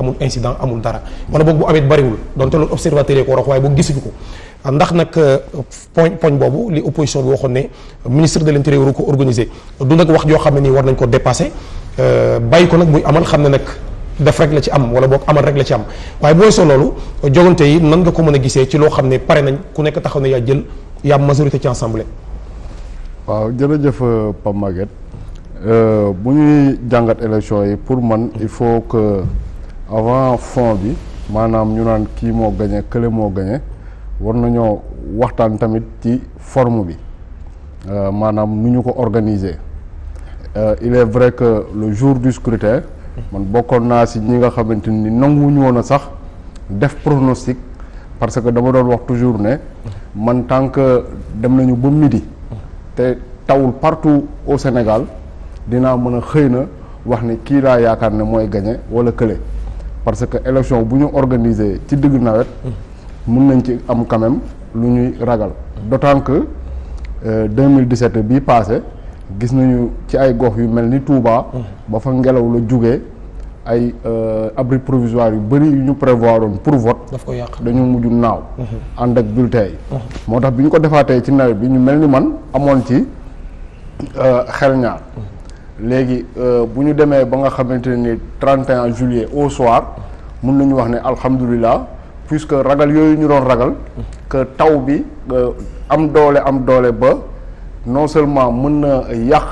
amul incident amul dara wala boog bu amee bariwul donte loolu observateur yi ko war a wax waaye boog gisuñu ko ndax nag euh, poñ poñ boobu li opposition bi waxoon ne ministre de l'intérieur waru ko organisé du nag wax joo xam ne nii war nañ ko dépassé euh, bàyyi ko nag muy amal xam ne nag def rek la ci am wala boog amal rek la ci am waaye boo soo loolu jogante yi nan nga ko mën a gisee ci loo xam ne pare nañ ku nekk taxaw ne yaa jël yaa majorité ci assemblée. waaw jërëjëf euh, Pape Maguette bu ñuy jàngat élection yi pour man il faut avant fond bi maanaam ñu naan kii moo gañe kële moo gañe war nañoo waxtaan tamit ci forme bi euh, maanaam nu ñu ko organiser euh, il est vrai que le jour du scrutin man bokkoon naa si ñi nga xamante ni nanguwuñu woon a sax def pronostic parce que dama doon wax toujours ne man tant que dem nañu ba midi te tawul partout au Sénégal dinaa mën a xëy na wax ne kii laa yaakaar ne mooy gañe wala kële parce que élection bu ñu organiser ci diggu nawet mun nañ ci am quand lu ñuy ragal d'autant que 2017 euh, bii passé gis nañu ci ay gox yu mel ni Touba ba fa ngelaw la jugee ay euh, abri provisoire yu bëri yu ñu prévoir woon pour vote daf ko yàq dañu mujj naaw mhm. ànd ak bulletin yi mhm. moo tax bi ñu ko defaatee ci nawet bi ñu mel ni man amoon ci euh, xel ñaar léegi euh, bu ñu demee ba nga xamante ni 31 juillet au soir mun nañu wax ne alhamdulilah puisque ragal yooyu ñu doon ragal que taw bi euh, am doole am doole ba non seulement mën na yàq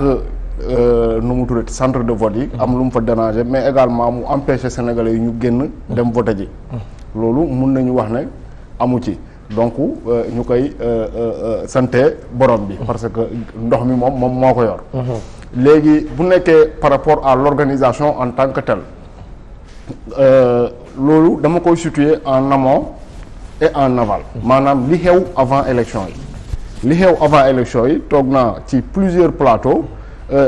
euh, nu mu tuddati centre de vote yi am lu mu fa déranger mais également mu empêcher sénégalais yi ñu génn dem vote ji mm-hmm. loolu mun nañu wax ne amu ci donc euh, ñu koy euh, euh, sante borom bi mhm. parce que ndox mi moom moom moo ko yor mhm. léegi bu nekkee par rapport à l'organisation en tant que telle loolu dama koy situer en amont et en aval mhm. maanaam li xew avant élection yi li xew avant élection yi toog naa ci plusieurs plateaux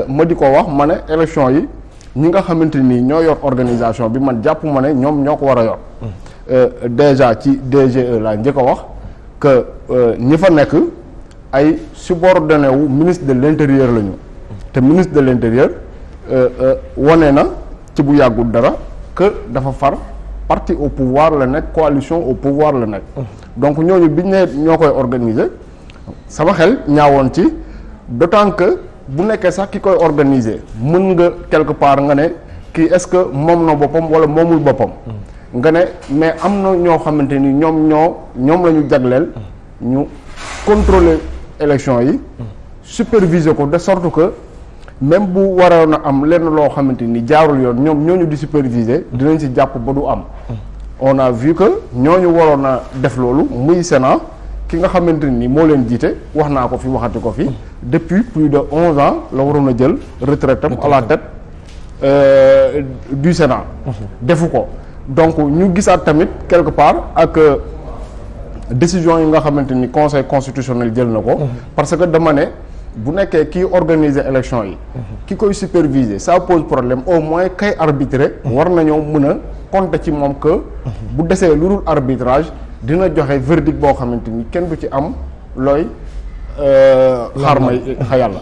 ma di ko wax ma ne élection yi ñi nga xamante nii ñoo yor organisation bi man jàpp ma ne ñoom ñoo ko war a yor Euh, déjà ci DGE laa njëkk a wax que euh, ñi fa nekk ay subordonné wu ministre de l'intérieur lañu te ministre de l'intérieur euh, wane na ci bu yàggul dara que dafa far parti au pouvoir la nekk coalition au pouvoir la nekk donc ñooñu biñ ne ñoo koy organiser sama xel ñaawoon ci d'autant que bu nekkee sax ki koy organiser mën nga quelque part nga ne kii est-ce que moom na boppam wala moomul boppam nga ne mais am na ñoo xamante ni ñoom ñoo ñoom la ñu jagleel ñu contrôler élection yi superviser ko de sorte que même bu waroon a am lenn loo xamante ni jaarul yoon ñoom ñooñu di superviser dinañ si jàpp ba du am on a vu que ñooñu waroon a def loolu muy Sénat ki nga xamante ni moo leen jiite wax naa ko fi waxati ko fi depuis plus de onze ans la waroon a jël retraite am à la tête euh, mmh. defu ko donc ñu gisaat tamit quelque part ak euh, décision yi nga xamante ni conseil constitutionnel jël na ko. Mhm. parce que dama ne bu nekkee kii organiser élection yi. Mhm. ki koy superviser ça pose problème au moins kay arbitrer. Mhm. war nañoo mën a compter ci moom que. bu desee lu dul arbitrage dina joxe verdict boo xamante ni kenn bu ci am looy. Euh, xaar may xa yàlla.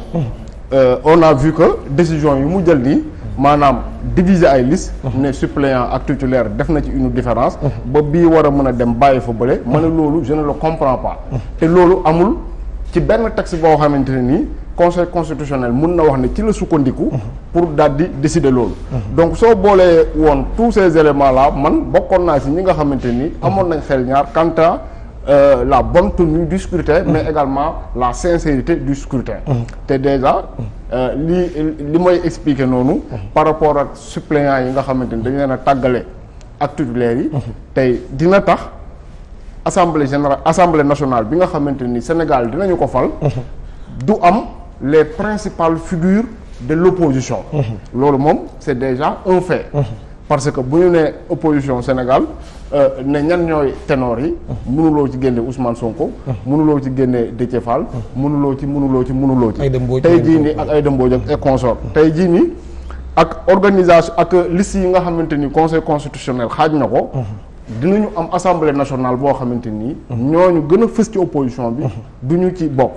Euh, on a vu que décision yi mu jël nii. maanaam diviser ay liste ne suppléant ak titulaire def na ci uni différence ba bii war a mën a dem bàyyi fa bële ma ne loolu je ne le te loolu amul ci benn texte boo xamante ne nii conseil constitutionnel mën na wax ne ci la sukkandiku pour daal di décider loolu donc soo boolee woon tous ces éléments là man bokkoon naa si ñi nga xamante nii amoon nañ xel ñaar quant à euh, la bonne tenue du scrutin mmh. mais mm-hmm. également la sincérité du scrutin mm-hmm. te déjà mm-hmm. euh, li li mooy expliquer noonu par rapport ak suppléants yi nga xamante ni dañ leen a tàggale ak titulaires yi tey dina tax assemblée générale assemblée nationale bi nga xamante ni Sénégal dinañu ko fal du am les principales figures de l'opposition loolu moom c'est déjà un fait parce que bu ñu nee opposition Sénégal Euh, ne ñan ñooy ténor yi mënuloo ci génne Ousmane Sonko mënuloo ci génne Déthié Fall mënuloo ci mënuloo ci mënuloo ci tey jii nii ak ay dëmbooj ak ay consort tey jii nii ak organisation ak liste yi nga xamante ni conseil constitutionnel xaaj na ko dinañu am assemblée nationale boo xamante nii ñooñu gën a fës ci opposition bi duñu ci bokk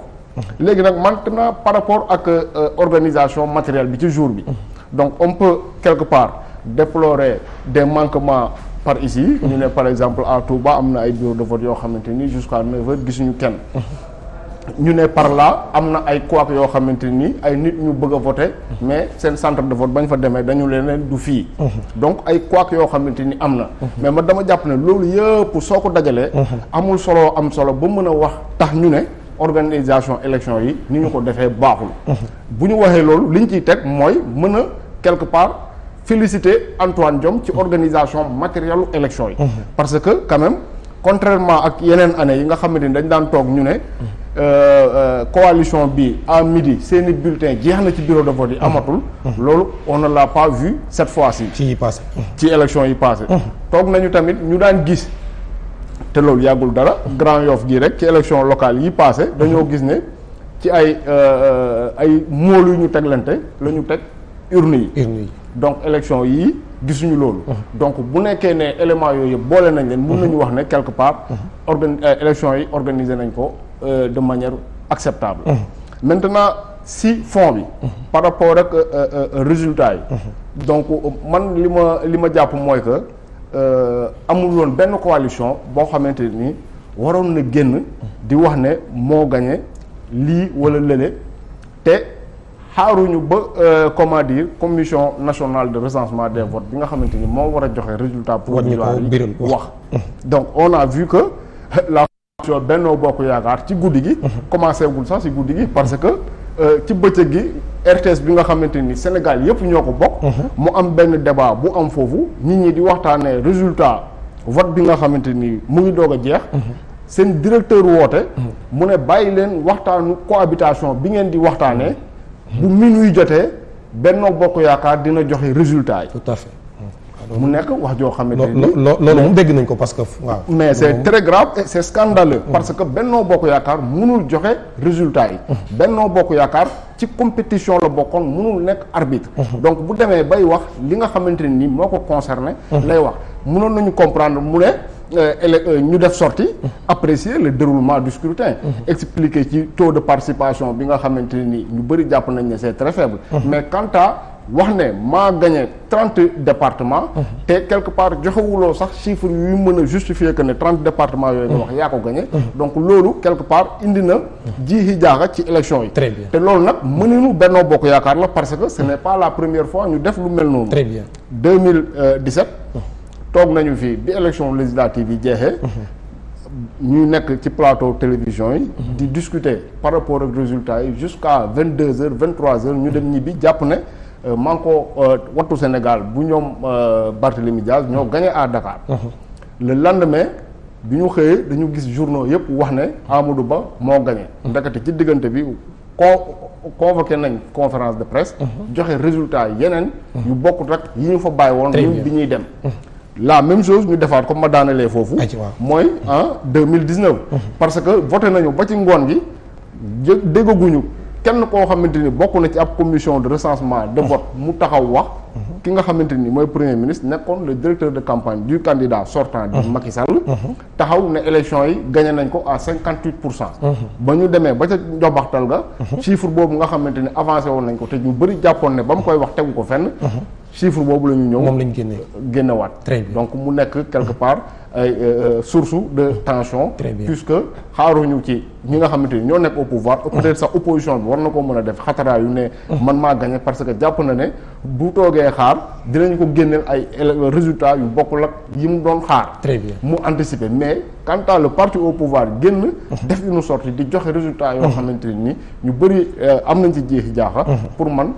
léegi nag maintenant par rapport ak euh, organisation matériel bi ci jour bi donc on peut quelque part déplorer des manquements par ici ñu ne par exemple à Touba am na ay bureau de vote yoo xamante ni jusqu'à gisuñu kenn ñu ne par là am na ay couac yoo xamante ni ay nit ñu bëgg a voter mais seen centre de vote bañ fa demee dañu leen du fii donc ay couac yoo xamante ni am na mais ma dama jàpp ne loolu yëpp soo ko dajalee amul solo am solo ba mën a wax tax ñu ne organisation élection yi ni ñu ko defee baaxul bu ñu waxee loolu liñ ciy teg mooy a féliciter Antoine Diome ci organisation matérielu élection yi mmh. parce que quand même contrairement ak yeneen année yi nga xamante ni dañ daan toog ñu ne euh, euh, coalition bi à midi seeni bulletin jeex na ci bureau de vote yi mmh. amatul mmh. loolu on ne l'a pas vu cette fois-ci ci passé ci élection yi passé toog nañu tamit ñu daan gis te loolu yàggul dara Grand Yoff gii rek ci élection locale yi passé dañoo gis ne ci ay euh, ay mool yu ñu teglante la ñu teg urnes yi urnes yi donc élection yi gisuñu loolu donc bu nekkee ne éléments yooyu yëpp boole nañ leen mun nañu wax ne quelque part organ euh, élection yi organiser nañ ko euh, de manière acceptable maintenant si fond bi par rapport ak euh, résultat yi donc man li ma li ma jàpp mooy que amul woon benn coalition boo xamante ni waroon na génn di wax ne moo gañe lii wala lële te xaaruñu ba euh, comment dire commission nationale de recensement des votes bi nga xamante ni moo war a joxe résultat provisoire yi wax donc on a vu que la coalition Benno Bokk Yaakaar ci guddi gi mhm. commencé gul sax ci guddi gi parce que euh, ci bëccëg gi RTS bi nga xamante ni Sénégal yëpp ñoo ko bokk mhm. mu am benn débat bu am foofu nit ñi di waxtaanee résultat vote bi nga xamante ni mu ngi doog a jeex mhm. seen directeur woote mu ne bàyyi leen waxtaanu cohabitation bi ngeen di waxtaanee bu minuy jotee Benno Bokk Yaakaar dina joxe résultat yi. tout mu nekk wax joo xamante ni loolu moom dégg nañ ko parce que waaw mais c' est très scandaleux mm. parce que Benno Bokk Yaakaar mënul joxe résultat yi mm. Benno Bokk Yaakaar ci compétition la bokkoon mënul nekk arbitre mm. donc bu demee bay wax li nga xamante ni moo ko concerné lay wax mënoon nañu comprendre mu ne Euh, ele euh, ñu def sortie apprécier le déroulement du scrutin mhm. expliquer ci taux de participation bi nga xamante ni ñu bëri jàpp nañ ne c'est très faible mhm. mais quant à wax ne maa gagné trente départements. Mhm. te quelque part joxewuloo sax chiffre yu mën a justifier que ne trente départements yooyu nga wax yaa ko gagné. donc loolu quelque part indi na. jiixi jaaxa ci élection yi. très bien te loolu nag mënuñu Benno Bokk Yaakaar la parce que ce n'est pas la première fois ñu def lu mel noonu. très bien 2017. toog nañu fii bi élection législative yi jeexee ñu nekk ci plateau télévision yi di discuter par rapport ak résultat yi jusqu'à vingt deux heures vingt trois heures ñu dem ñibbi jàpp ne euh, Manko euh, Wattu Sénégal bu ñoom euh, Barthélémy Diaz ñoo gagné à Dakar le lendemain bi ñu xëyee dañu gis journaux yëpp wax ne Amadou Ba moo gagné ndekete ci diggante bi con convoqué nañ conférence de presse mhm. joxe résultat yeneen mhm. yu bokkut rek yi ñu fa bàyyi woon bi ñuy dem mhm. la même chose ñu defaat comme ma daanalee foofu. mooy en deux mille dix neuf. Mhm. parce que voté nañu ba ci ngoon gi jé déggaguñu kenn koo xamante ni bokk na ci ab commission de recensement de mhm. vote mu taxaw wax. Mhm. ki nga xamante ni mooy premier ministre nekkoon le directeur de campagne du candidat sortant di Macky taxaw ne élection yi gagné nañ ko à cinquante huit pour cent ba ñu demee ba ca njobaxtal ga chiffre boobu nga xamante ni avancé woon nañ ko te ñu bëri jàppoon ne ba mu koy wax tegu ko fenn chiffre boobu la ñu ñëw. moom la ñu génnee génnewaat. très bien donc mu nekk quelque part ay euh, euh, source de tension. très bien puisque xaaruñu ci ñi nga xamante ni ñoo nekk au pouvoir. Mm. peut sax opposition bi war na ko mën a def xataraa yu ne. Mm. man maa gagné parce que jàpp na ne bu toogee xaar dinañ ko génneel ay résultats yu bokkul ak yi mu doon xaar. très bien mu anticiper mais quant parti au pouvoir génn. Mm-hmm. def une sorti di joxe résultats yoo mm-hmm. xamante ni ñu bëri euh, am nañ ci jeexi jaaxa. Mm-hmm. pour man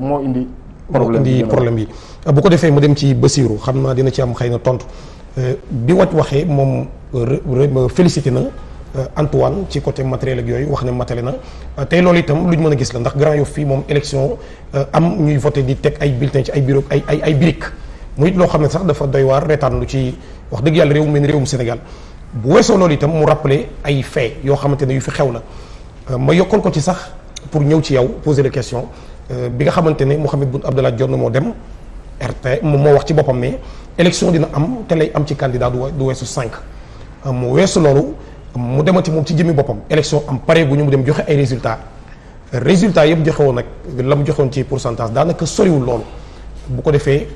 moo indi. problème bi indi problème bi bu ko defee mu dem ci Basirou xam naa dina ci am xëy na tontu euh, bi wat waxee moom euh, euh, félicité na Antoine ci côté matériel ak yooyu wax ne matale na tey loolu itam lu ñu mën a gis la ndax Grand Yoff fii moom élection am ñuy voté di teg ay bulletins ci ay bureau ay ay ay briques muy loo xam ne sax dafa doy waar reetaan lu ci wax dëgg yàlla réew mel réewum Sénégal bu weesoo loolu itam mu rappelé ay faits yoo xamante ne yu fi xew la ma yokkoon ko ci sax. pour ñëw ci yow poser des questions euh, bi nga xamante ne Mouhamed Boun Abdallah na moo dem RT moom moo wax ci boppam ne élection dina am te lay am ci candidat du weesu cinq euh, mu weesu loolu mu demati moom ci jëmmi boppam élection am pare gu ñu mu dem joxe ay résultat résultats yëpp joxe woon nag la mu joxoon ci pourcentage daanaka soriwul loolu bu ko defee